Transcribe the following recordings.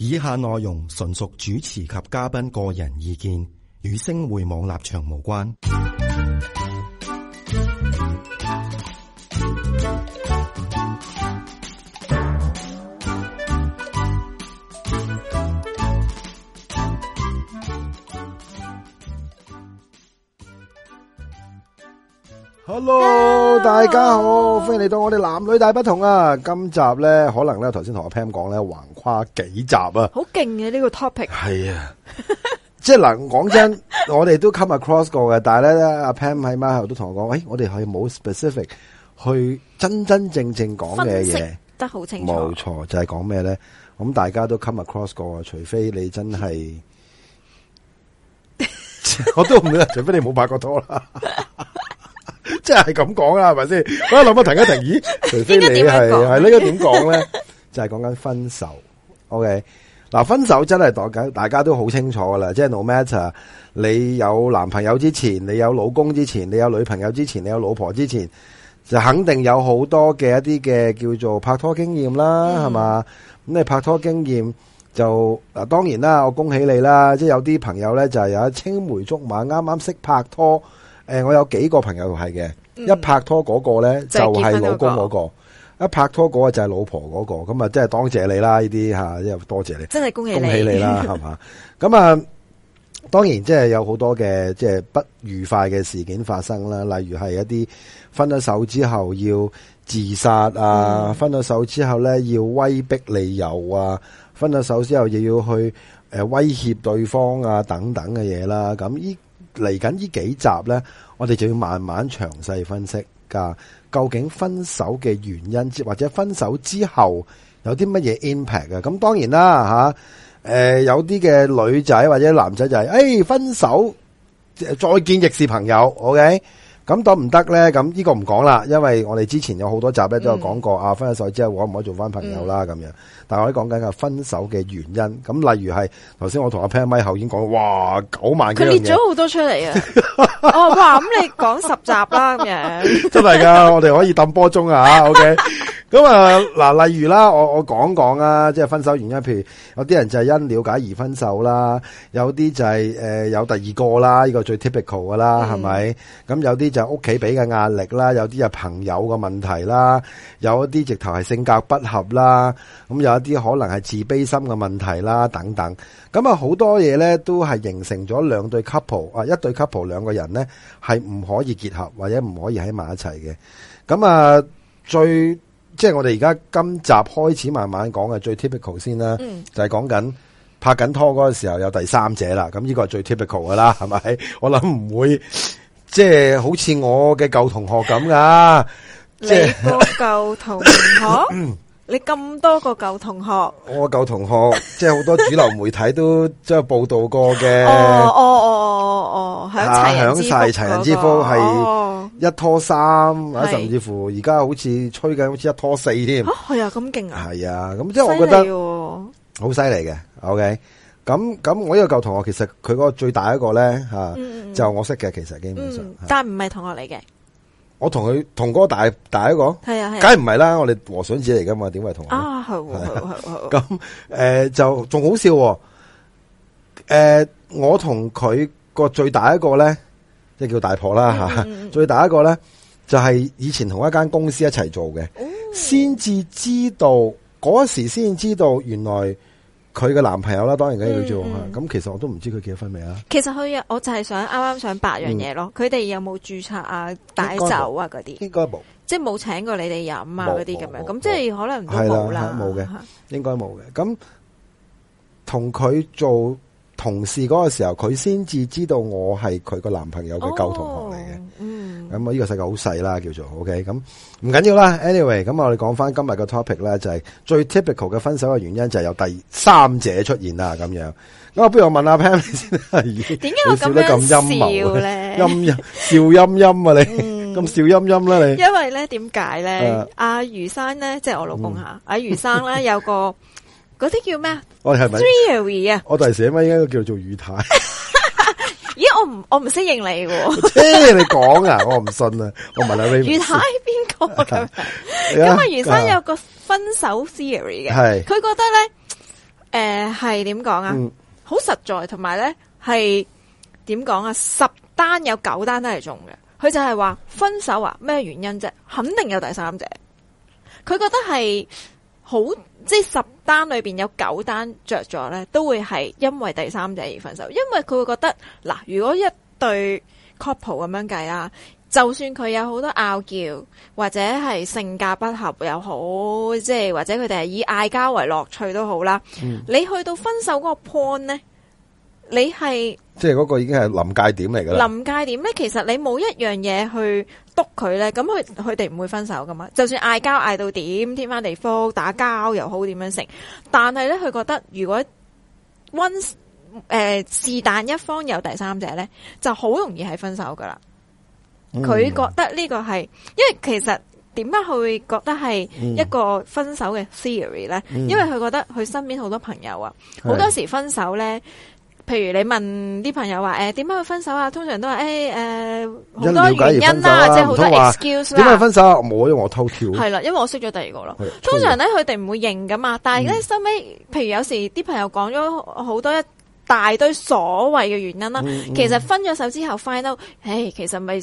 以下內容純屬主持及嘉賓個人意見，與星匯網立場無關。Hello，, Hello 大家好，Hello. 歡迎嚟到我哋男女大不同啊！今集咧，可能咧，頭先同阿 Pam 講咧，橫幾集啊,好勁啊，好勁嘅呢個 topic，係是啊， 即係嗱，講真，我哋都 come across 過嘅，但係咧，阿 Pam 喺後尾都同我講，喂、哎，我哋係冇 specific 去真真正正講嘅嘢，得好清楚，冇錯，就係講咩咧？咁大家都 come across 過，除非你真係， 我都唔會，除非你冇拍過拖啦，即係咁講啦，係咪先？ 我諗下停一停，咦？除非你係係呢個點講咧？就係講緊分手。OK，嗱、啊、分手真係當緊，大家都好清楚噶啦，即係 no matter 你有男朋友之前，你有老公之前，你有女朋友之前，你有老婆之前，就肯定有好多嘅一啲嘅叫做拍拖經驗啦，係嘛、嗯？咁你拍拖經驗就嗱、啊，當然啦，我恭喜你啦，即係有啲朋友咧就係、是、有青梅竹馬，啱啱識拍拖。誒、呃，我有幾個朋友係嘅，嗯、一拍拖嗰個咧就係、是、老公嗰、那個。一拍拖嗰個就係老婆嗰個，咁啊，即係多謝你啦！呢啲吓，又多謝你，真係恭喜你恭喜你啦，係嘛？ 咁啊，當然即係有好多嘅，即係不愉快嘅事件發生啦，例如係一啲分咗手之後要自殺啊，嗯、分咗手之後咧要威逼利誘啊，分咗手之後又要去誒威脅對方啊，等等嘅嘢啦。咁呢嚟緊呢幾集咧，我哋就要慢慢詳細分析。噶究竟分手嘅原因或者分手之後有啲乜嘢 impact 嘅？咁當然啦，吓，有啲嘅女仔或者男仔就係、是，誒、哎、分手再見亦是朋友，OK。咁得唔得咧？咁呢個唔講啦，因為我哋之前有好多集咧都有講過，嗯、啊分咗手之後可唔可以做翻朋友啦咁樣，嗯、但係我哋講緊嘅分手嘅原因，咁例如係頭先我同阿 Pan 咪後邊講，哇九萬幾，佢列咗好多出嚟啊。 哦哇，咁你講十集啦咁 樣！真係噶， 我哋可以抌波鐘啊 OK 咁啊嗱，例如啦，我我講講啊，即係分手原因，譬如有啲人就係因了解而分手啦，有啲就係、是、誒、呃、有第二個啦，呢、這個最 typical 噶啦，係咪、嗯？咁有啲就係屋企俾嘅壓力啦，有啲係朋友嘅問題啦，有一啲直頭係性格不合啦，咁有一啲可能係自卑心嘅問題啦，等等。咁啊，好多嘢咧都係形成咗兩對 couple 啊，一對 couple 兩個人咧係唔可以結合或者唔可以喺埋一齊嘅。咁啊最。即係我哋而家今集開始慢慢講嘅最 typical 先啦，嗯、就係講緊拍緊拖嗰個時候有第三者這這啦，咁呢個係最 typical 噶啦，係咪？我諗唔會即係好似我嘅舊同學咁噶、啊， 即係是舊同學。 你咁多個舊同學，我舊同學即係好多主流媒體都即係報道過嘅、 哦。哦哦哦哦哦，響、哦、啊，吓，響晒，齊人之福係、那個、一拖三，甚至乎而家好似吹緊好似一拖四添。吓，係啊，咁勁啊！係啊，咁即係我覺得好犀利嘅。哦、OK，咁咁我呢個舊同學其實佢嗰個最大一個咧吓、嗯嗯啊，就我識嘅，其實基本上，嗯嗯、但唔係同學嚟嘅。我同佢同嗰個大大一個，係啊係，梗係唔係啦，我哋和尚子嚟噶嘛點會同啊？係咁誒，就仲好笑。啊。誒、呃，我同佢個最大一個咧，即、就、係、是、叫大婆啦吓。嗯、 最大一個咧，就係、是、以前同一間公司一齊做嘅，先至、嗯、知道嗰時先知道原來。佢嘅男朋友啦，當然梗係要做咁、嗯、其實我都唔知佢結咗婚未啊。其實佢，我就係想啱啱想八樣嘢咯。佢哋、嗯、有冇註冊啊？擺酒啊？嗰啲應該冇，即係冇請過你哋飲啊嗰啲咁樣。咁沒即係可能冇啦，冇嘅，應該冇嘅。咁同佢做同事嗰個時候，佢先至知道我係佢個男朋友嘅舊同學嚟嘅。哦。咁啊，呢個世界好細啦，叫做 OK。咁唔緊要啦，Anyway，咁我哋講翻今日個 topic 咧，就係最 typical 嘅分手嘅原因就係有第三者出現啦，咁樣。咁不如我問阿 Pam 先，點解我笑得咁陰笑咧？陰笑陰陰啊，你咁笑陰陰啦，你？因為咧，點解咧？阿余生咧，即係我老公吓，阿余生咧有個嗰啲叫咩啊？我係咪？Three 啊，我第時應該應該叫做余太。咦！我唔我唔適應、啊、你喎，即係你講啊， 我唔信啊，我問下你余。 你看 余太係邊個咁？咁啊，余生有個分手 theory 嘅，佢是覺得咧，誒係點講啊？好實在，同埋咧係點講啊？十單有九單都係中嘅，佢就係話分手啊？咩原因啫、啊？肯定有第三者，佢覺得係好即係十，單裏邊有九單着咗咧，都會係因為第三者而分手，因為佢會覺得嗱，如果一對 couple 咁樣計啊，就算佢有好多拗撬或者係性格不合又好，即係或者佢哋係以嗌交為樂趣都好啦，嗯、你去到分手嗰個 point 咧，你係即係嗰個已經係臨界點嚟噶啦，臨界點咧，其實你冇一樣嘢去。篤佢咧，咁佢佢哋唔會分手噶嘛？就算嗌交嗌到點，天翻地覆，打交又好，點樣成？但係咧，佢覺得如果 one 誒、呃、是但一方有第三者咧，就好容易係分手噶啦。佢、嗯、覺得呢個係，因為其實點解佢會覺得係一個分手嘅 theory 咧？嗯嗯、因為佢覺得佢身邊好多朋友啊，好是多時分手咧。譬如你問啲朋友話，誒、呃、點、欸呃、解會分手啊？通常都話，誒誒好多原因啦，即係好多 excuse 啦。點解分手？我因為我偷跳。係啦，因為我，因為我識咗第二個咯。是通常咧，佢哋唔會認噶嘛。但係咧，收尾、嗯、譬如有時啲朋友講咗好多一大堆所謂嘅原因啦、嗯嗯欸，其實分咗手之後 find out，誒其實咪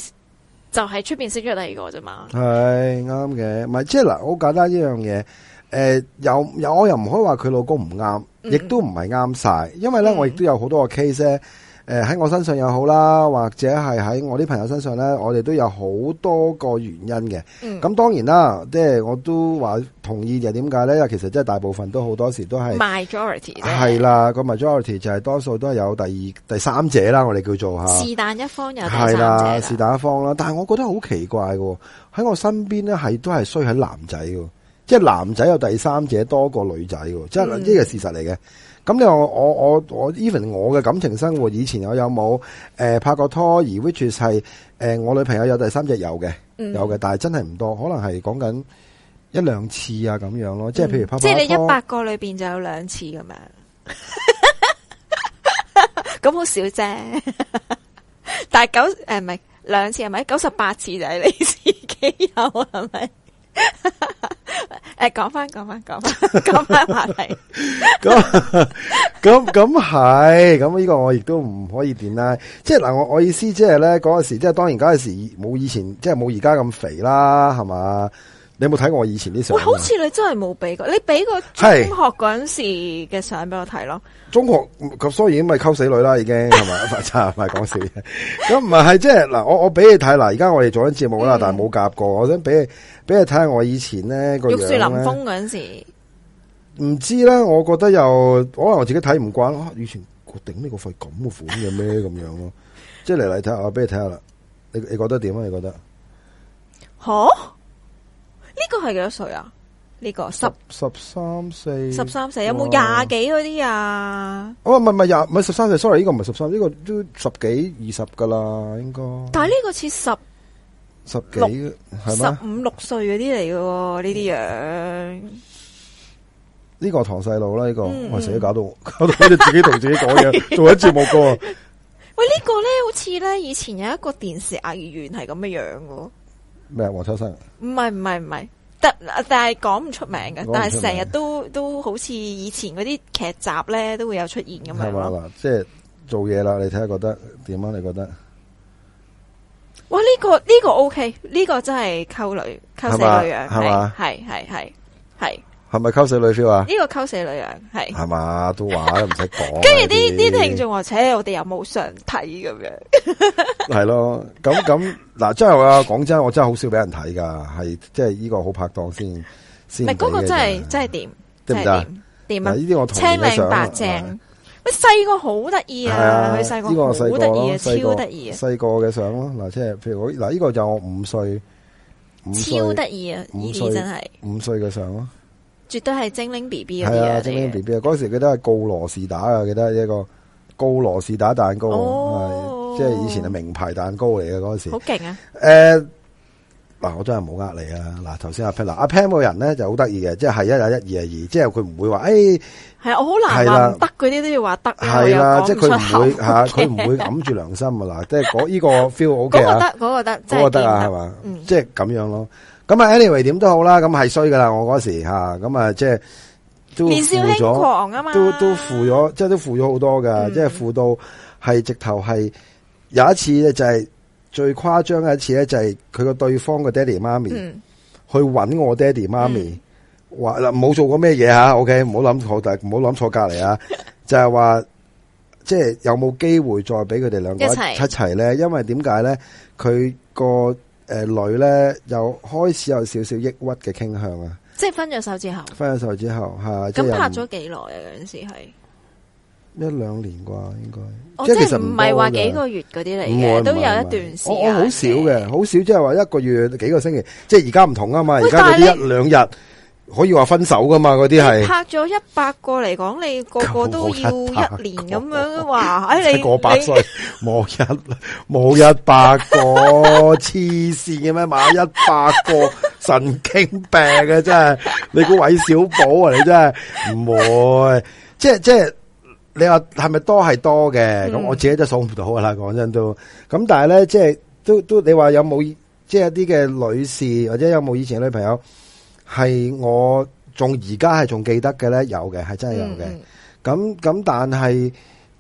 就係出邊識咗第二個啫嘛。係啱嘅，唔係即係嗱好簡單一樣嘢，誒、呃、有有我又唔可以話佢老公唔啱。亦都唔係啱晒，因為咧、嗯、我亦都有好多個 case 咧、誒、呃、喺我身上又好啦，或者係喺我啲朋友身上咧，我哋都有好多個原因嘅。咁、嗯、當然啦，即係我都話同意嘅。點解咧？因為其實即係大部分都好多時都係 majority 係啦，就是、個 majority 就係多數都係有第二第三者啦。我哋叫做吓是但一方有第三者啦啦，是但一方啦。但係我覺得好奇怪喎，喺我身邊咧，係都係衰喺男仔喎。即係男仔有第三者多過女仔嘅，即係呢個事實嚟嘅。咁你、嗯、我我我 even 我嘅感情生活，以前我有冇誒、呃、拍過拖？而 which 係誒、呃、我女朋友有第三者有嘅，嗯、有嘅，但係真係唔多，可能係講緊一兩次啊咁樣咯。即係譬如拍、嗯、即係你一百個裏邊就有兩次咁樣，咁好少啫。但係九誒唔係兩次係咪？九十八次就係你自己有係咪？誒，講翻， 講翻，講翻，講翻話題。咁咁咁係，咁呢個我亦都唔可以點啦。即係嗱，我我意思即係咧嗰陣時，即係當然嗰陣時冇以前，即係冇而家咁肥啦，係嘛。你有冇睇過我以前啲相？好似你真係冇俾過，你俾個中學嗰陣時嘅相俾我睇咯。中學咁，所以咪溝死女啦，已經，同埋唔係講笑咁，唔係係即係嗱，我我俾你睇嗱，而家我哋做緊節目啦，但係冇夾過，我想俾俾你睇下我以前咧，玉樹臨風嗰陣時，唔知啦。我覺得又可能我自己睇唔慣咯。以前我頂你、個肺咁嘅款嘅咩咁樣咯。即係嚟嚟睇下，我俾你睇下啦。你你覺得點啊？你覺得？好、啊。呢個係幾多歲啊？呢個十十三四？十三四？有冇廿幾嗰啲啊？哦，唔係唔係廿，唔係十三歲。sorry，呢個唔係十三，呢個都十幾二十噶啦，應該。但係呢個似十十，六係嘛？十五六歲嗰啲嚟嘅？呢啲樣？呢個堂細佬啦，呢個我成日搞到搞到，我哋自己同自己講嘢，做緊節目噶。喂，呢個咧好似咧，以前有一個電視藝員係咁嘅樣噶。咩？黃秋生？唔係唔係唔係，但但係講唔出名嘅，名但係成日都都好似以前嗰啲劇集咧都會有出現咁樣咯。係咪？即係、就是、做嘢啦，你睇下覺得點啊？你覺得？哇！呢個呢個 OK，呢個真係溝女溝死個樣，係係係係。係咪溝死女票啊？呢個溝死女啊，係係嘛，都話唔使講。跟住啲啲聽眾話：，切，我哋又冇相睇咁樣。係咯，咁咁，嗱，真係，我講真，我真係好少俾人睇噶，係即係呢個好拍檔先先。係嗰個真係真係掂，真係掂。嗱，呢啲我青白淨，喂細個好得意啊！佢細個好得意啊，超得意啊！細個嘅相咯，嗱，即係譬如嗱呢個就我五歲，超得意啊！呢啲真係五歲嘅相咯。絕對係精靈 B B，係啊精靈 B B 啊！嗰時佢都係告羅士打啊，記得一個告羅士打蛋糕，即係以前嘅名牌蛋糕嚟嘅嗰時，好勁啊！誒，嗱我真係冇呃你啊！嗱，頭先阿 Pen 阿 Pen 個人咧就好得意嘅，即係一啊一，二啊二，即係佢唔會話誒係啊，我好難得嗰啲都要話得係啦，即係佢唔會吓，佢唔會揞住良心啊。嗱，即係呢個 feel 我覺得。個得，嗰個得，得啊，係嘛，即係咁樣咯。咁啊，anyway 點都好啦，咁係衰噶啦，我嗰時吓，咁啊，即係都負咗，都都負咗，即係都負咗好多噶，即係負到係直頭係有一次咧，嗯嗯嗯嗯，就係最誇張嘅一次咧，就係佢個對方個爹哋媽咪去搵我爹哋媽咪，話嗱冇做過咩嘢吓，OK，唔好諗錯，但係唔好諗錯隔籬啊，就係話即係有冇機會再俾佢哋兩個一齊咧？因為點解咧？佢個誒，女咧有開始有少少抑鬱嘅傾向啊！即係分咗手之後，分咗手之後吓，咁拍咗幾耐啊？嗰陣時係一兩年啩，應該即係其實唔係話幾個月嗰啲嚟嘅，都有一段時間。好少嘅，好少，即係話一個月幾個星期，即係而家唔同啊嘛，而家嗰啲一兩日。可以話分手噶嘛？嗰啲係拍咗一百個嚟講，你個個都要一年咁樣嘅話，哎你你過百歲冇一冇一百個黐線嘅咩？冇一百個 神經病嘅、啊、真係，你估韋小寶啊！你真係唔會， 即係即係你話係咪多係多嘅？咁、嗯、我自己都數唔到噶啦，講真都。咁但係咧，即係都都你話有冇即係一啲嘅女士，或者有冇以前女朋友？係我仲而家係仲記得嘅咧，有嘅係真係有嘅。咁咁、嗯，但係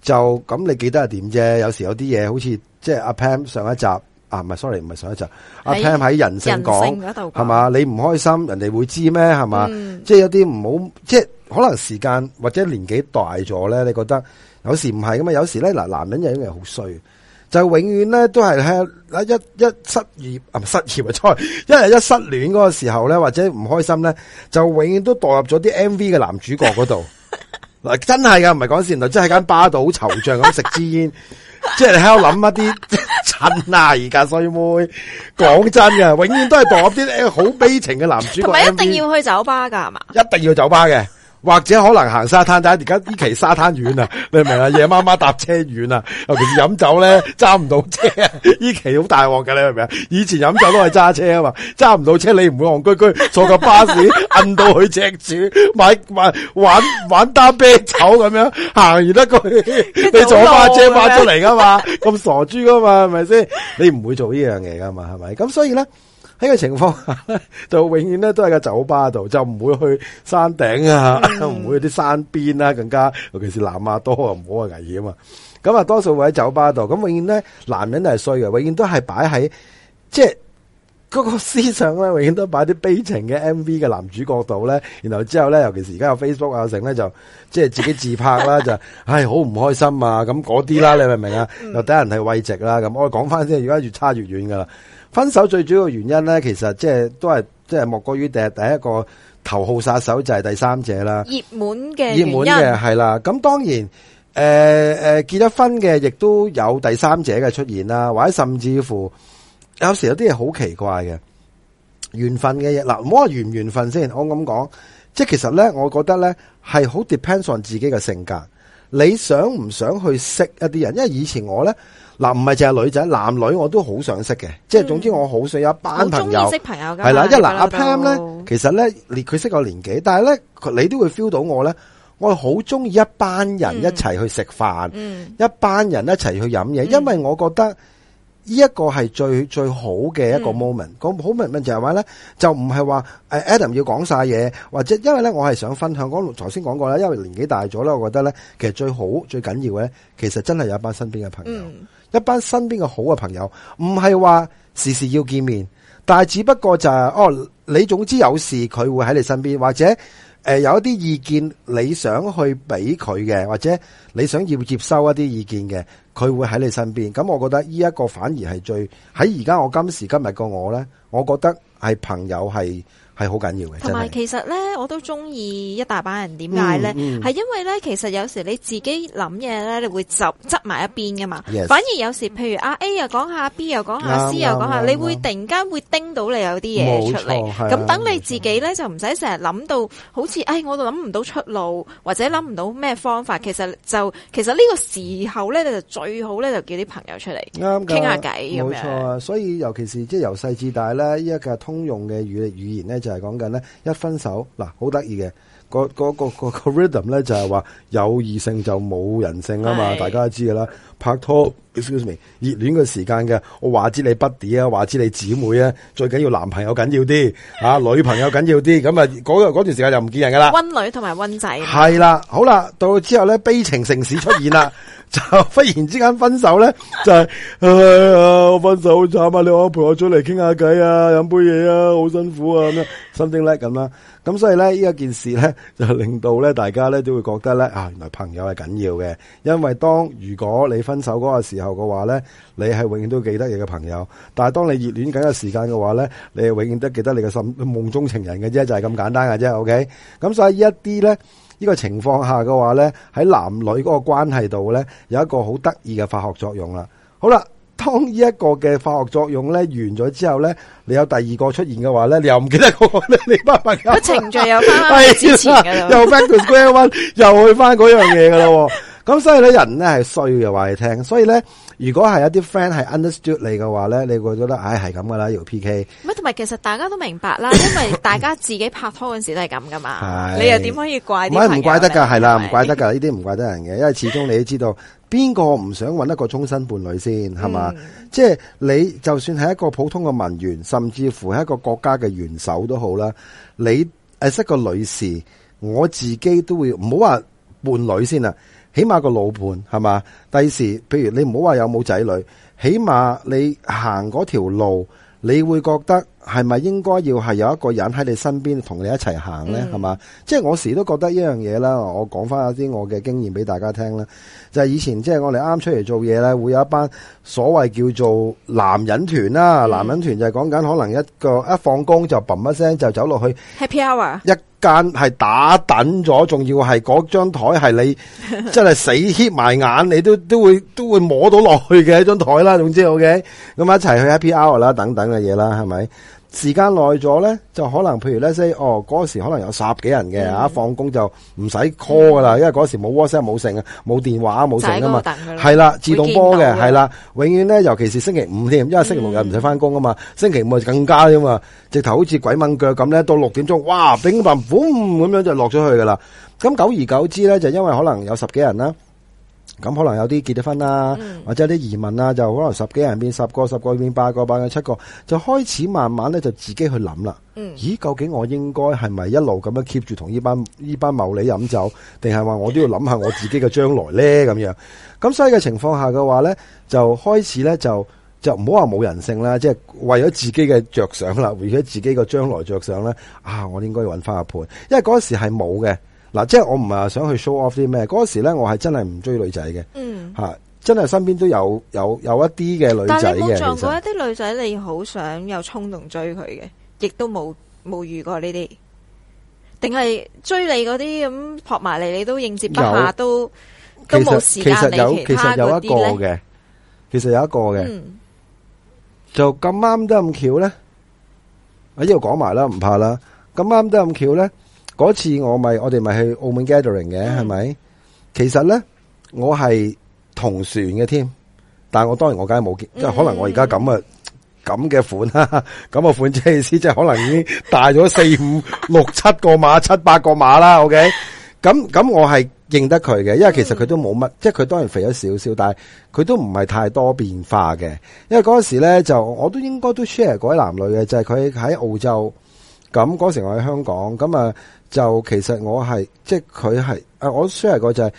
就咁你記得係點啫？有時有啲嘢好似即係阿 Pam 上一集啊，唔係，sorry 唔係上一集阿 Pam 喺人性講係嘛？你唔開心，人哋會知咩？係嘛？嗯、即係有啲唔好，即係可能時間或者年紀大咗咧，你覺得有時唔係咁嘛？有時咧嗱，男人又因為好衰。就永遠咧都係喺一一一失業啊失業啊在一日一失戀嗰個時候咧，或者唔開心咧，就永遠都墮入咗啲 MV 嘅男主角嗰度。嗱，真係噶，唔係講笑，原來真係間巴度好惆悵咁食支煙，即係你喺度諗一啲趁啊而家衰妹，講真噶，永遠都係墮入啲好悲情嘅男主角，同埋一定要去酒吧噶係嘛，一定要去酒吧嘅。或者可能行沙灘，但係而家依期沙灘遠啊，你明唔明啊？夜媽媽搭車遠啊，尤其是飲酒咧揸唔到車，依 期好大鑊嘅你明唔明啊？以前飲酒都係揸車啊嘛，揸唔到車你唔會戇居居坐個巴士，摁到去赤柱買買玩玩單啤酒咁樣行完一個圈，你坐巴車翻出嚟噶嘛？咁傻豬噶嘛？係咪先？你唔會做呢樣嘢噶嘛？係咪？咁所以咧。喺個情況下就永遠咧都係個酒吧度，就唔會去山頂啊，唔 會去啲山邊啦、啊，更加尤其是南亞多不啊，唔好啊危險啊。咁啊，多數會喺酒吧度，咁永遠咧男人都係衰嘅，永遠都係擺喺即係嗰個思想咧，永遠都擺啲悲情嘅 M V 嘅男主角度咧。然後之後咧，尤其是而家有 Facebook 啊，成咧就即係自己自拍啦， 就唉好唔開心啊，咁嗰啲啦，你明唔明啊？ 又等人係慰藉啦，咁我講翻先，而家越差越遠噶啦。分手最主要原因咧，其實即係都係即係莫過於第第一個頭號殺手就係第三者啦。熱門嘅熱門嘅係啦，咁當然誒誒、呃、結咗婚嘅亦都有第三者嘅出現啦，或者甚至乎有時有啲嘢好奇怪嘅緣分嘅嘢嗱，唔好話緣唔緣分先，我咁講，即係其實咧，我覺得咧係好 depends on 自己嘅性格。你想唔想去識一啲人？因為以前我咧，嗱唔係淨係女仔，男女我都好想識嘅。即係、嗯、總之我，我好想有一班朋友，係啦。的因為一，嗱阿 Pam 咧，其實咧，佢識我年紀，但係咧，你都會 feel 到我咧，我好中意一班人一齊去食飯，嗯、一班人一齊去飲嘢，嗯、因為我覺得。呢一個係最最好嘅一個 moment。嗯、個好 moment 就係話呢，就唔係話誒 Adam 要講晒嘢，或者因為呢，我係想分享。我頭先講過啦，因為年紀大咗啦，我覺得呢，其實最好最緊要嘅呢，其實真係有一班身邊嘅朋友，嗯、一班身邊嘅好嘅朋友，唔係話時時要見面，但係只不過就係、是、哦，你總之有事佢會喺你身邊，或者誒、呃、有一啲意見你想去俾佢嘅，或者你想要接收一啲意見嘅。佢會喺你身邊，咁我覺得依一個反而係最喺而家我今時今日個我咧，我覺得係朋友係。係好緊要嘅，同埋其實咧，我都中意一大班人，點解咧？係、嗯嗯、因為咧，其實有時你自己諗嘢咧，你會執執埋一邊噶嘛。Yes. 反而有時，譬如啊 A 又講下，B 又講下，C 又講下，你會突然間會叮到你有啲嘢出嚟。咁等你自己咧，就唔使成日諗到好似，哎，我都諗唔到出路，或者諗唔到咩方法。其實就其實呢個時候咧，你就最好咧，就叫啲朋友出嚟的，傾下偈咁樣，冇錯啊！所以尤其是即係、就是、由細至大咧，呢、這、一個通用嘅語語言咧。就係講緊咧，一分手嗱，好得意嘅，嗰嗰個個個 rhythm 咧就係話，有異性就冇人性啊嘛，是的 大家都知噶啦，拍拖 excuse me 熱戀嘅時間嘅，我話知你 buddy 啊，話知你姊妹啊，最緊要男朋友緊要啲啊，女朋友緊要啲，咁啊嗰段時間就唔見人噶啦，温女同埋温仔，係啦，好啦，到之後咧悲情城市出現啦。 就 忽然之間分手咧，就係、是哎、我分手好慘啊！你可陪我出嚟傾下偈啊，飲杯嘢啊，好辛苦啊咁樣，something like 咁啦。咁所以咧，呢一件事咧，就令到咧大家咧都會覺得咧啊，原來朋友係緊要嘅。因為當如果你分手嗰個時候嘅話咧，你係永遠都記得你嘅朋友。但係當你熱戀緊嘅時間嘅話咧，你係永遠都記得你嘅心夢中情人嘅啫，就係、是、咁簡單嘅啫。OK，咁所以一呢一啲咧。呢個情況下嘅話咧，喺男女嗰個關係度咧，有一個好得意嘅化學作用啦。好啦，當呢一個嘅化學作用咧完咗之後咧，你有第二個出現嘅話咧，你又唔記得個個你班朋友個程序又翻翻之前，又 back to square one，又去翻嗰樣嘢嘅啦。咁 所以咧，人咧係衰嘅話你聽，所以咧。如果係有啲 friend 係 understood 你嘅話咧，你會覺得唉係咁噶啦，要 PK。唔係，同埋其實大家都明白啦， 因為大家自己拍拖嗰陣時都係咁噶嘛。 你又點可以怪啲 friend？唔怪得噶，係啦， 唔怪得噶，呢啲唔怪得人嘅，因為始終你都知道邊個唔想搵一個終身伴侶先係嘛。即係、嗯、你就算係一個普通嘅文員，甚至乎係一個國家嘅元首都好啦。你誒識個女士，我自己都會唔好話伴侶先啦。起碼個老伴係嘛，第時譬如你唔好話有冇仔女，起碼你行嗰條路，你會覺得係咪應該要係有一個人喺你身邊同你一齊行呢？係嘛，嗯，即係我時都覺得一樣嘢啦。我講翻一啲我嘅經驗俾大家聽啦，就係、是、以前即係我哋啱出嚟做嘢呢，會有一班所謂叫做男人團啦。嗯、男人團就係講緊可能一個一放工就嘭一聲就走落去，Happy Hour 一。間係打等咗，仲要係嗰張台係你 真係死 h 埋眼，你都都會都會摸到落去嘅一張台啦，總之 OK，咁一齊去 happy hour 啦，等等嘅嘢啦，係咪？時間耐咗咧，就可能譬如咧 say 哦，嗰時可能有十幾人嘅嚇放工就唔使 call 噶啦，因為嗰時冇 WhatsApp 冇剩啊，冇電話冇剩噶嘛，係啦自動波嘅係啦，永遠咧尤其是星期五添，因為星期六日唔使翻工啊嘛，星期五就更加添啊，直頭好似鬼掹腳咁咧，到六點鐘哇乒乓 boom 咁樣就落咗去噶啦，咁久而久之咧就因為可能有十幾人啦。咁可能有啲結咗婚啦、啊，或者有啲移民啦、啊，就可能十幾人變十個，十個變八個，八個七個，就開始慢慢咧就自己去諗啦。咦，究竟我應該係咪一路咁樣 keep 住同呢班呢班某女飲酒，定係話我都要諗下我自己嘅將來咧？咁樣咁所以嘅情況下嘅話咧，就開始咧就就唔好話冇人性啦，即係為咗自己嘅着想啦，為咗自己嘅將來着想咧，啊，我應該要搵翻個盤，因為嗰時係冇嘅。嗱，即係我唔係話想去 show off 啲咩，嗰時咧我係真係唔追女仔嘅，嗯，吓真係身邊都有有有一啲嘅女仔嘅，其實冇撞過一啲女仔，你好想有衝動追佢嘅，亦都冇冇遇過呢啲，定係追你嗰啲咁撲埋嚟，你都應接不暇，都都冇時間你其他嗰啲咧，其實有一個嘅，其實有一個嘅，就咁啱得咁巧咧，喺呢度講埋啦，唔怕啦，咁啱得咁巧咧。嗰次我咪我哋咪去澳門 gathering 嘅係咪？嗯、其實咧我係同船嘅添，但係我當然我梗係冇見，嗯、即係可能我而家咁啊咁嘅款啦，咁嘅款即係意思即係可能已經大咗四五 六七個碼、七八個碼啦，OK？咁咁我係認得佢嘅，因為其實佢都冇乜，即係佢當然肥咗少少，但係佢都唔係太多變化嘅，因為嗰時咧就我都應該都 share 嗰位男女嘅，就係佢喺澳洲。咁嗰時我喺香港，咁啊就其實我係即係佢係，誒我 share 個就係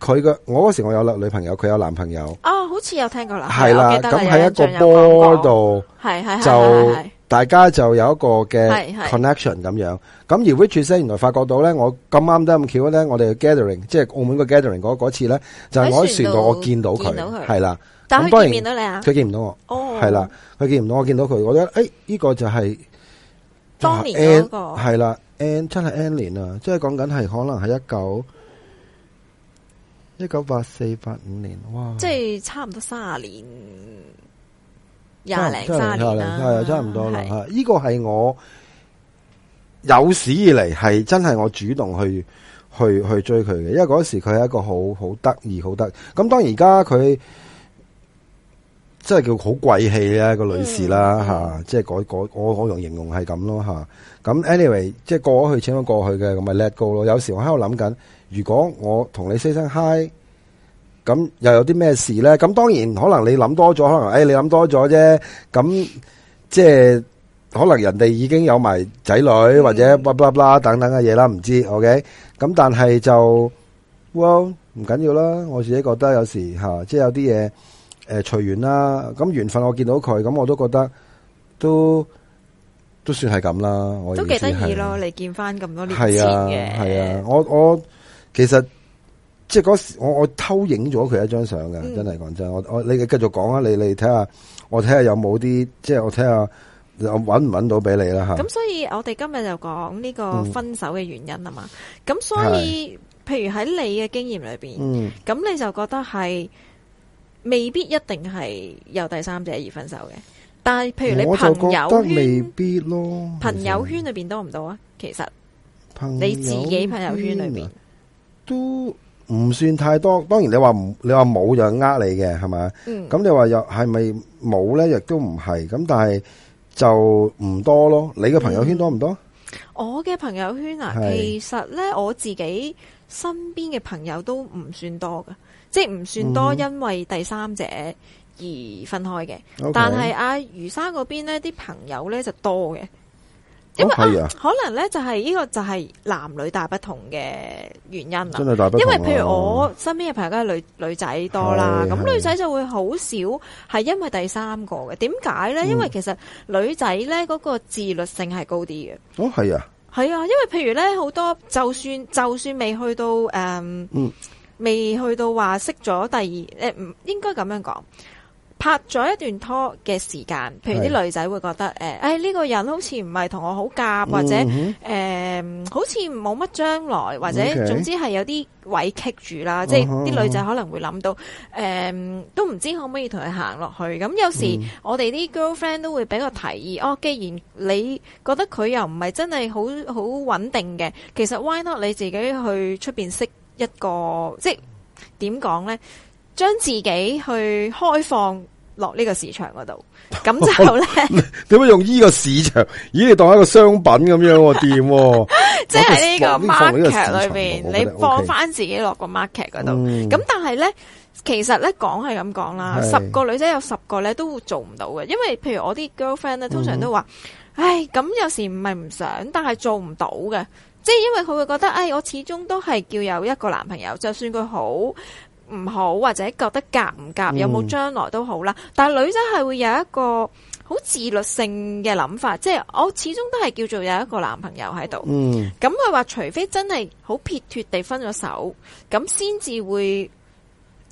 佢嘅，我嗰時我有女女朋友，佢有男朋友。哦，好似有聽過啦，係啦，咁喺一個波度，係係係，就大家就有一個嘅 connection 咁樣。咁而 which is 咧，原來發覺到咧，我咁啱得咁巧咧，我哋嘅 gathering，即係澳門個 gathering 嗰嗰次咧，就喺船度我見到佢，係啦。但係佢見唔到你啊？佢見唔到我，係啦，佢見唔到我，見到佢，我覺得誒，呢個就係。當年嗰個係啦，N 真係 N 年啊，即係講緊係可能係一九一九八四八五年，哇！即係差唔多卅年，廿零卅年啦，係差唔多啦。呢是的 個係我有史以嚟係真係我主動去去去追佢嘅，因為嗰時佢係一個好好得意好得咁。噉當然而家佢。真係叫好貴氣啊，個女士啦吓，即係改改我好用形容係咁咯吓。咁 anyway，即係過咗去，請咗過去嘅咁咪 let go 咯。有時我喺度諗緊，如果我同你 say 聲 hi，咁又有啲咩事咧？咁當然可能你諗多咗，可能誒你諗多咗啫。咁即係可能人哋已經有埋仔女或者卜卜卜啦等等嘅嘢啦，唔知 OK。咁但係就，Well 唔緊要啦。我自己覺得有時吓，即係有啲嘢。誒，隨緣啦，咁緣分我見到佢，咁我都覺得都都算係咁啦。我意思係，我都幾得意咯，對你見翻咁多年前嘅，係啊,係啊，我我其實即係嗰時我我偷影咗佢一張相㗎，嗯、真係講真，我我你繼續講啊，你繼續你睇下，看看我睇下有冇啲，即係我睇下我搵唔搵到俾你啦吓。咁所,、嗯、所以，我哋今日就講呢個分手嘅原因啊嘛。咁所以，譬如喺你嘅經驗裏邊，咁、嗯、你就覺得係。未必一定係由第三者而分手嘅，但係譬如你朋友圈覺得未必咯。朋友圈裏邊多唔多啊？其實，朋啊、你自己朋友圈裏面都唔算太多。當然你話，你話唔你話冇就呃你嘅係咪？咁你話又係咪冇呢？亦都唔係咁，但係就唔多咯。你嘅朋友圈多唔多？嗯、我嘅朋友圈啊，是其實呢，我自己身邊嘅朋友都唔算多噶。即係唔算多，因為第三者而分開嘅。Okay 但係阿余生嗰邊呢啲朋友呢，就多嘅。因為、哦啊啊、可能呢，就係、是、呢個就係男女大不同嘅原因啦。真係大不同、啊。因為譬如我身邊嘅朋友都係女女仔多啦，咁女仔就會好少係因為第三個嘅。點解呢？因為其實女仔呢嗰、嗯、個自律性係高啲嘅。哦，係啊，係啊，因為譬如呢，好多，就算就算未去到誒。嗯。嗯未去到話識咗第二，誒、呃、唔應該咁樣講。拍咗一段拖嘅時間，譬如啲女仔會覺得誒誒呢個人好似唔係同我好夾、嗯、哼或者誒、呃、好似冇乜將來或者總之係有啲位棘住啦。Okay. 即係啲女仔可能會諗到，誒、呃、都唔知可唔可以同佢行落去。咁有時我哋啲 girlfriend 都會俾個提議、嗯、哦，既然你覺得佢又唔係真係好好穩定嘅，其實 why not 你自己去出邊識。一個即係點講咧？將自己去開放落呢個市場嗰度，咁就咧點解用呢個市場？咦，你當一個商品咁樣掂？即係呢個 market 裏邊，你放翻自己落個 market 嗰度。咁但係咧，其實咧講係咁講啦，十個女仔有十個咧都做唔到嘅。因為譬如我啲 girlfriend 咧，通常都話：唉，咁有時唔係唔想，但係做唔到嘅。即係因為佢會覺得，哎，我始終都係叫有一個男朋友，就算佢好唔好或者覺得夾唔夾，有冇將來都好啦。嗯、但係女仔係會有一個好自律性嘅諗法，即係我始終都係叫做有一個男朋友喺度。咁佢話，除非真係好撇脱地分咗手，咁先至會。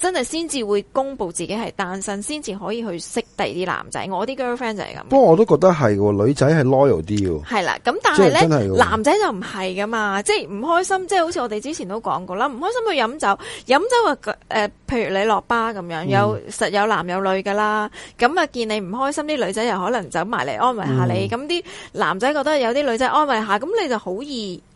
真係先至會公布自己係單身，先至可以去識第二啲男仔。我啲 girlfriend 就係咁。不過我都覺得係喎，女仔係 loyal 啲喎。係啦，咁但係咧，男仔就唔係噶嘛，即係唔開心，即係好似我哋之前都講過啦，唔開心去飲酒，飲酒啊、呃、譬如你落巴咁樣，有實有男有女噶啦，咁啊見你唔開心，啲女仔又可能走埋嚟安慰下你，咁啲、嗯、男仔覺得有啲女仔安慰下，咁你就好易。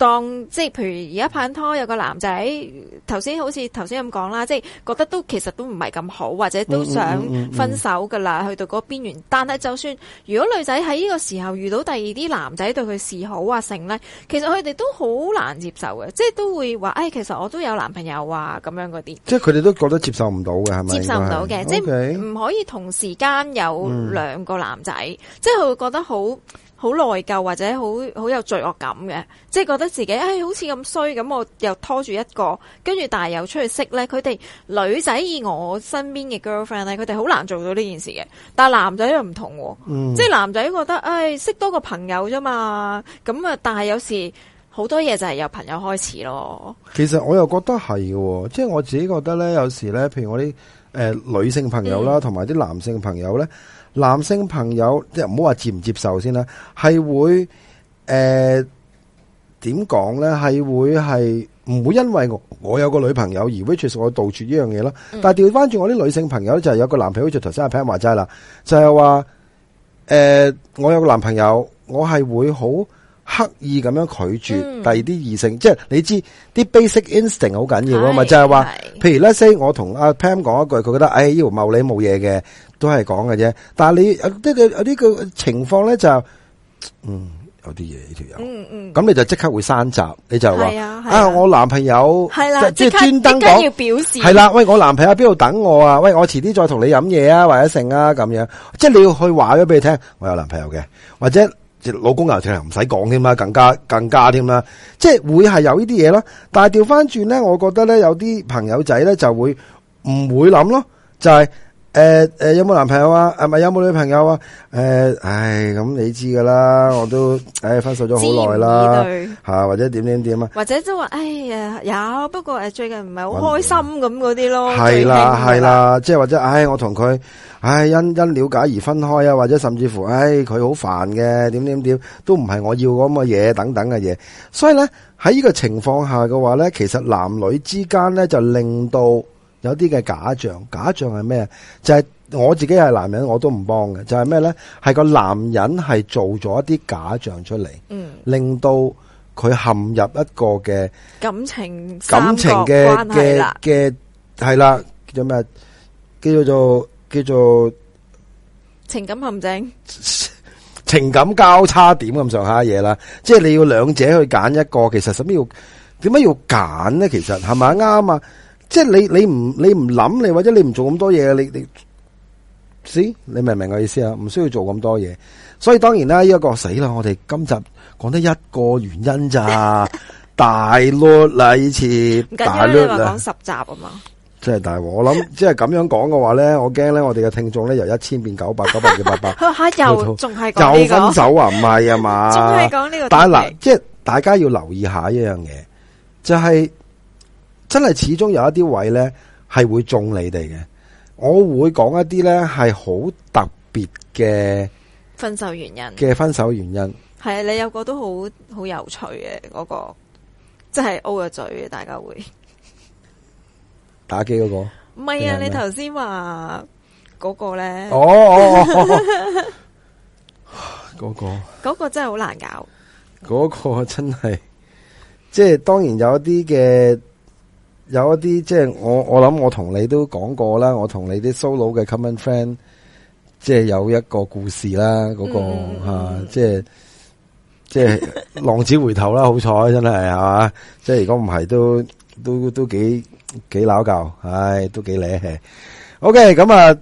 當即係譬如而家拍緊拖，有個男仔頭先好似頭先咁講啦，即係覺得都其實都唔係咁好，或者都想分手噶啦，去到嗰個邊緣。但係就算如果女仔喺呢個時候遇到第二啲男仔對佢示好啊，成咧，其實佢哋都好難接受嘅，即係都會話誒、哎，其實我都有男朋友啊，咁樣嗰啲。即係佢哋都覺得接受唔到嘅，係咪？接受唔到嘅，Okay. 即係唔可以同時間有兩個男仔，嗯、即係佢會覺得好。好內疚或者好好有罪惡感嘅，即係覺得自己誒、哎、好似咁衰，咁我又拖住一個，跟住但又出去識呢。佢哋女仔以我身邊嘅 girlfriend 咧，佢哋好難做到呢件事嘅。但係男仔又唔同，嗯、即係男仔覺得誒、哎、識多個朋友啫嘛，咁啊，但係有時好多嘢就係由朋友開始咯。其實我又覺得係喎，即係我自己覺得呢，有時呢，譬如我啲誒、呃、女性朋友啦，同埋啲男性朋友呢。嗯嗯男性朋友即係唔好話接唔接受先啦，係會誒點講咧？係、呃、會係唔會因為我我有個女朋友而 which、嗯、我杜絕呢樣嘢咯？但係調翻轉我啲女性朋友就係、是、有個男朋友，好似頭先阿 Pam 話齋啦，就係話誒，我有個男朋友，我係會好刻意咁樣拒絕第二啲異性，嗯、即係你知啲 basic instinct 好緊要啊嘛，嗯、就係話，是是譬如咧 say 我同阿 Pam 講一句，佢覺得誒呢條茂你冇嘢嘅。哎都係講嘅啫，但係你呢個呢個情況咧就是，嗯，有啲嘢呢條友，嗯嗯，咁你就即刻會刪閘，你就話啊，我男朋友係啦，啊、就即係專登講要表示，係啦，喂，我男朋友喺邊度等我啊，喂，我遲啲再同你飲嘢啊，或者剩啊，咁樣，即係你要去話咗俾佢聽，我有男朋友嘅，或者老公又似係唔使講添啦，更加更加添啦，即係會係有呢啲嘢咯。但係調翻轉咧，我覺得咧有啲朋友仔咧就會唔會諗咯，就係、是。誒誒、呃呃，有冇男朋友啊？係、呃、咪有冇女朋友啊？誒、呃，唉，咁你知噶啦，我都唉分手咗好耐啦，吓或者點點點啊？或者即係，唉、哎、呀，有不過誒，最近唔係好開心咁嗰啲咯。係、嗯、啦係啦，啦，即係或者唉，我同佢唉因因了解而分開啊，或者甚至乎唉佢好煩嘅，點點點，都唔係我要咁嘅嘢等等嘅嘢。所以咧喺呢個情況下嘅話咧，其實男女之間咧就令到。有啲嘅假象，假象係咩？就係我自己係男人，我都唔幫嘅。就係咩咧？係個男人係做咗一啲假象出嚟，嗯、令到佢陷入一個嘅感情感情嘅嘅嘅係啦，叫咩？叫做叫做，叫做情感陷阱、 情感交叉點咁上下嘢啦。即係你要兩者去揀一個，其實使咩要？點解要揀呢？其實係咪啱啊？是即係你你唔你唔諗你或者你唔做咁多嘢，你你，你，你明唔明我意思啊？唔需要做咁多嘢，所以當然啦，呢一個死啦！我哋今集講得一個原因咋？ 大略啦，以前，大略啦，講十集啊嘛。即係大，我諗即係咁樣講嘅話咧，我驚咧我哋嘅聽眾咧由一千變九百 九百變八百，吓 又仲係又分手啊？唔係啊嘛？仲係講呢個，但係嗱，即係大家要留意下一樣嘢，就係。真係始終有一啲位呢係會中你哋嘅，我會講一啲呢係好特別嘅分手原因。嘅分手原因係啊，你有個都好好有趣嘅嗰個，即係 O 咗嘴，大家會打機嗰個唔係啊，你頭先話嗰個呢？哦嗰個嗰個真係好難搞嗰個真係即係當然有一啲嘅。.有一啲即係我我諗我同你都講過啦，我同你啲 solo 嘅 common friend，即係有一個故事啦，嗰個即係即係浪子回頭啦，好彩 真係係嘛，即係如果唔係都都都幾幾鬧交，唉，都幾叻。OK，咁啊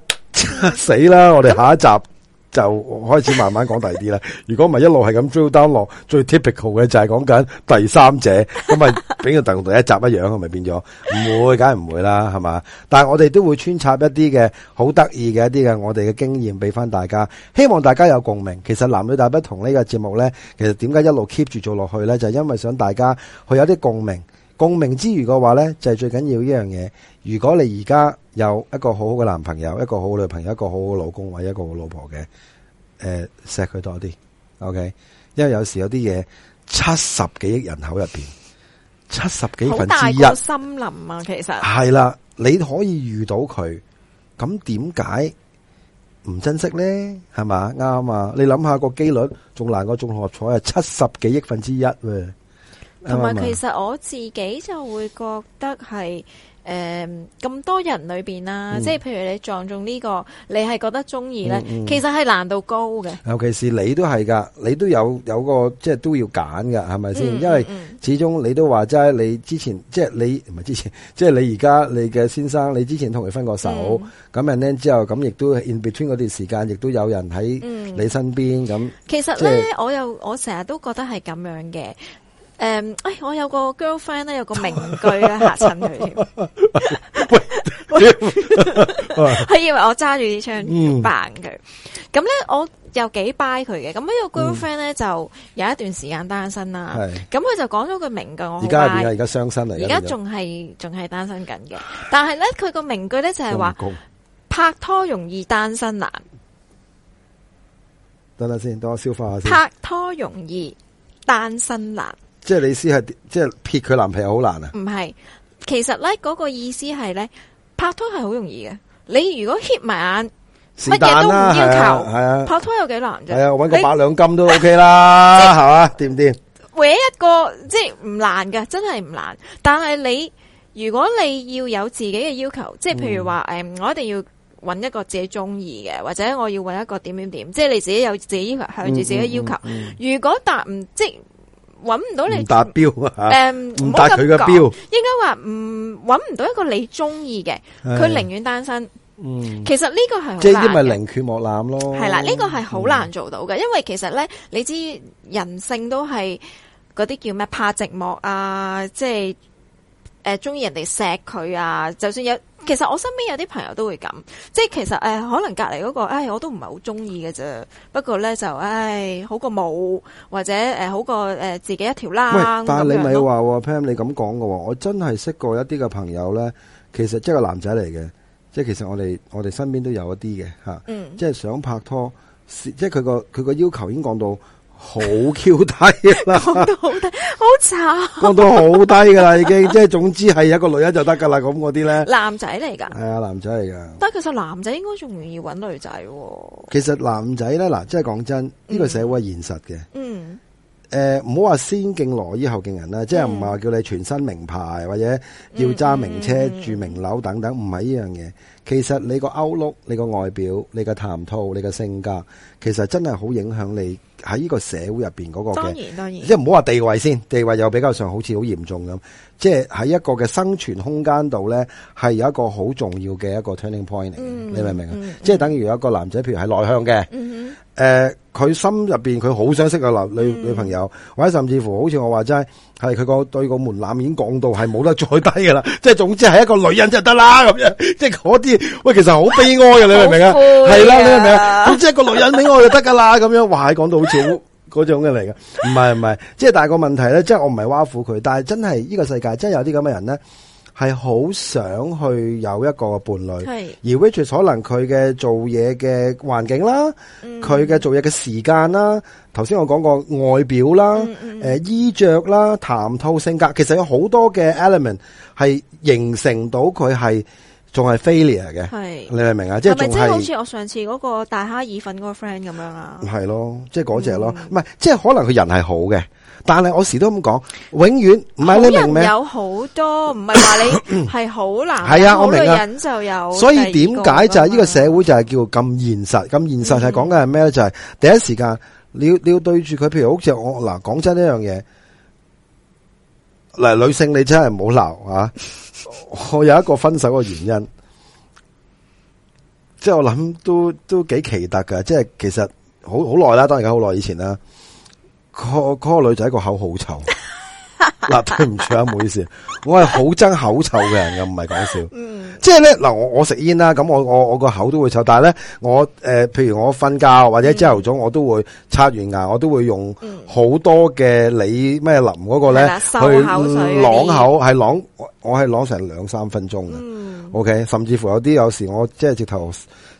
死啦，我哋下一集。 就開始慢慢講大啲啦。如果唔係一路係咁追單落，最 typical 嘅就係講緊第三者。咁咪俾佢同第一集一樣，係咪變咗？唔會，梗係唔會啦，係嘛？但係我哋都會穿插一啲嘅好得意嘅一啲嘅我哋嘅經驗，俾翻大家。希望大家有共鳴。其實男女大不同呢個節目咧，其實點解一路 keep 住做落去咧？就係因為想大家去有啲共鳴。共鳴之餘嘅話呢，就係、是、最緊要的一樣嘢。如果你而家有一個好好嘅男朋友，一個好好女朋友，一個好好老公或者一個好老婆嘅，誒、呃，錫佢多啲，OK。因為有時有啲嘢，七十幾億人口入邊，七十幾分之一。好大個森林啊，其實係啦，你可以遇到佢，咁點解唔珍惜呢？係咪，啱啊！你諗下個機率，仲難過中六合彩啊，七十幾億分之一同埋，其實我自己就會覺得係誒咁多人裏邊啦，嗯、即係譬如你撞中呢、呢個，你係覺得中意咧？嗯嗯、其實係難度高嘅。尤其是你都係㗎，你都有有個即係都要揀㗎，係咪先？嗯嗯、因為始終你都話齋，你之前即係你唔係之前，即係你而家你嘅先生，你之前同佢分過手，咁樣咧之後，咁亦都 in between 嗰段時間，亦都有人喺你身邊咁。嗯、那其實咧是，我又我成日都覺得係咁樣嘅。誒，哎，我有個 girlfriend 咧，有個名句咧，嚇親佢，佢以為我揸住支槍扮佢。咁咧，我又幾 by 佢嘅。咁呢個 girlfriend 咧就有一段時間單身啦。咁佢就講咗句名句，我而家係點，而家雙身嚟，而家仲係仲係單身緊嘅。但係咧，佢個名句咧就係話拍拖容易，單身難。等等先，等我消化下先。拍拖容易，單身難。即係你意思係，即係撇佢男朋友好難啊？唔係，其實咧嗰個意思係咧，拍拖係好容易嘅。你如果瞌埋眼，乜嘢都唔要求，係啊，拍拖有幾難啫？係啊，搵個百兩金都 OK 啦，係嘛？掂唔掂？搵一個即係唔難嘅，真係唔難。但係你如果你要有自己嘅要求，即係譬如話誒，我一定要搵一個自己中意嘅，或者我要搵一個點點點，即係你自己有自己要求，向住自己嘅要求。如果答唔即係。搵唔到你達標，誒、嗯，唔帶佢嘅標、嗯，唔帶佢嘅標應該話唔，搵唔到一個你中意嘅，佢寧願單身。嗯、其實呢個係即係啲咪寧缺莫濫咯。係啦，呢、這個係好難做到嘅，嗯、因為其實咧，你知人性都係嗰啲叫咩怕寂寞啊，即係誒，中、呃、意人哋錫佢啊，就算有。其實我身邊有啲朋友都會咁，即係其實誒、呃，可能隔籬嗰個，唉，我都唔係好中意嘅啫。不過咧就，唉，好過冇或者誒、呃，好過誒、呃、自己一條啦。但係你咪話喎，Pam，你咁講嘅我真係識過一啲嘅朋友咧，其實即係個男仔嚟嘅，即係其實我哋我哋身邊都有一啲嘅吓，嗯、即係想拍拖，即係佢個佢個要求已經降到。好 Q 低啦，講到好低，好慘， 講到好低噶啦，已經即係， 總之係一個女人就得噶啦，咁嗰啲咧，男仔嚟噶，係啊，男仔嚟噶，但係其實男仔應該仲願意揾女仔，啊，其實男仔咧嗱，即係講真，呢、這個社會現實嘅、嗯，嗯。誒，唔好話先敬羅衣後敬人啦，即係唔係話叫你全身名牌或者要揸名車、嗯嗯、住名樓等等，唔係呢樣嘢。其實你個歐碌、你個外表、你個談吐、你個性格，其實真係好影響你喺呢個社會入邊嗰個嘅。當然當然，即係唔好話地位先，地位又比較上好似好嚴重咁。即係喺一個嘅生存空間度咧，係有一個好重要嘅一個 turning point 嚟嘅、嗯、你明唔明？嗯嗯、即係等於有一個男仔，譬如係內向嘅。嗯誒，佢、呃、心入邊佢好想識個男女女朋友，或者甚至乎好似我話齋，係佢個對個門檻已經講到係冇得再低噶啦，即係總之係一個女人就得啦咁樣，即係嗰啲喂，其實好悲哀嘅，你明唔明啊？係啦，你明唔明啊？總之一個女人俾我就得噶啦，咁樣話係講到好似好嗰種嘅嚟嘅。唔係唔係，即係大個問題咧，即係我唔係挖苦佢，但係真係呢、這個世界真係有啲咁嘅人咧。係好想去有一個伴侶，是而 which 可能佢嘅做嘢嘅環境啦，佢嘅做嘢嘅時間啦，頭先我講過外表啦，誒、嗯嗯呃、衣着啦，談吐性格，其實有好多嘅 element 係形成到佢係仲係 failure 嘅。係是你明唔明啊？即係咪即係好似我上次嗰個大蝦意粉嗰個 friend 咁樣啊？係咯，即係嗰隻咯，唔係即係可能佢人係好嘅。但係我時都咁講，永遠唔係，你明唔明咩？有好多唔係話你係好難，係 啊，我明人就有。所以點解就係呢個社會就係叫咁現實？咁、嗯、現實係講緊係咩咧？就係、是、第一時間，你要你要對住佢，譬如好似我嗱，講真呢樣嘢嗱，女性你真係唔好鬧啊！我有一個分手嘅原因，即係我諗都都幾奇特㗎，即係其實好好耐啦，當然係好耐以前啦。嗰個,個女仔個口好臭，嗱 對唔住啊，唔好意思，我係好憎口臭嘅人嘅，唔係講笑，即係咧嗱，我我食煙啦，咁我我我個口都會臭，但係咧我誒、呃，譬如我瞓覺或者朝頭早，我都會刷完牙，我都會用好多嘅你咩林嗰個咧、嗯、去朗口,口，係朗我係朗成兩三分鐘嘅、嗯、，OK，甚至乎有啲有時我即係直頭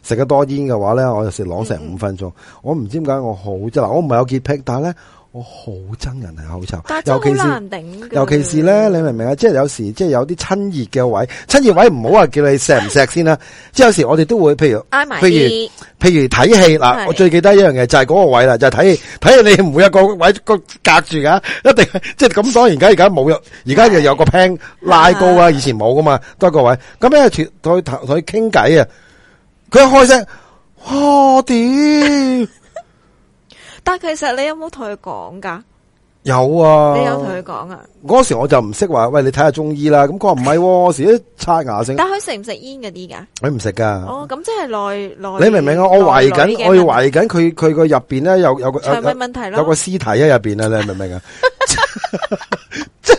食得多煙嘅話咧，我就食朗成五分鐘、嗯嗯，我唔知點解我好即係我唔係有潔癖，但係咧。我好憎人係口臭，尤其是尤其是咧，你明唔明啊？即係有時即有，即係有啲親熱嘅位，親熱位唔好話叫你錫唔錫先啦。 即係有時我哋都會，譬如譬如譬如睇戲嗱，我最記得一樣嘢就係嗰個位啦，就係睇睇你唔會有個位個隔住噶、啊，一定即係咁。當然而家而家冇，有，而家就有個 pan 拉高啊， 以前冇噶嘛，多一個位咁咧，同佢同佢傾偈啊，佢一開聲，哇屌！我 但其實你有冇同佢講噶？有啊，你有同佢講啊？嗰時我就唔識話，喂，你睇下中醫啦。咁佢話唔係， 時都刷牙性。但佢食唔食煙嗰啲噶？佢唔食噶。哦，咁即係內內。內你明唔明啊？我懷疑緊，內內我要懷疑緊佢佢個入邊咧有有個係咪問題咯？有個屍體喺入邊啊！你明唔明啊？ 真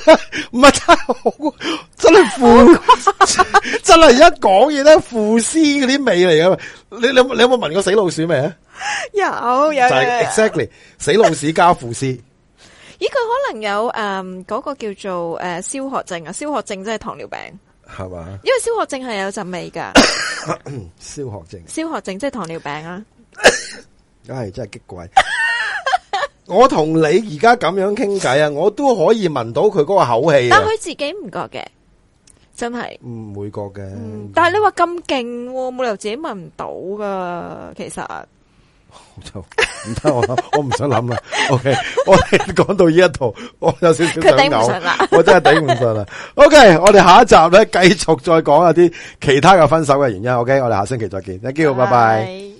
唔係真係好真係腐 真係而家講嘢咧腐屍嗰啲味嚟噶嘛？你你有冇你有冇聞過死老鼠味啊？ 有有。Exactly， 死老鼠加腐屍。咦？佢可能有誒，嗰、嗯那個叫做誒消渴症啊？消渴症即係糖尿病係嘛？吧因為消渴症係有陣味噶。 消渴症。消渴症即係糖尿病啊！ 哎，真係激鬼。 我同你而家咁樣傾偈啊，我都可以聞到佢嗰個口氣。但佢自己唔覺嘅，真係唔會覺嘅。但你話咁勁，冇理由自己聞唔到噶。其實就唔得，我我唔想諗啦。OK，我哋講到呢一度，我有少少想嘔，我真係頂唔順啦。OK，我哋下一集咧繼續再講一啲其他嘅分手嘅原因。OK，我哋下星期再見。Thank you，拜拜。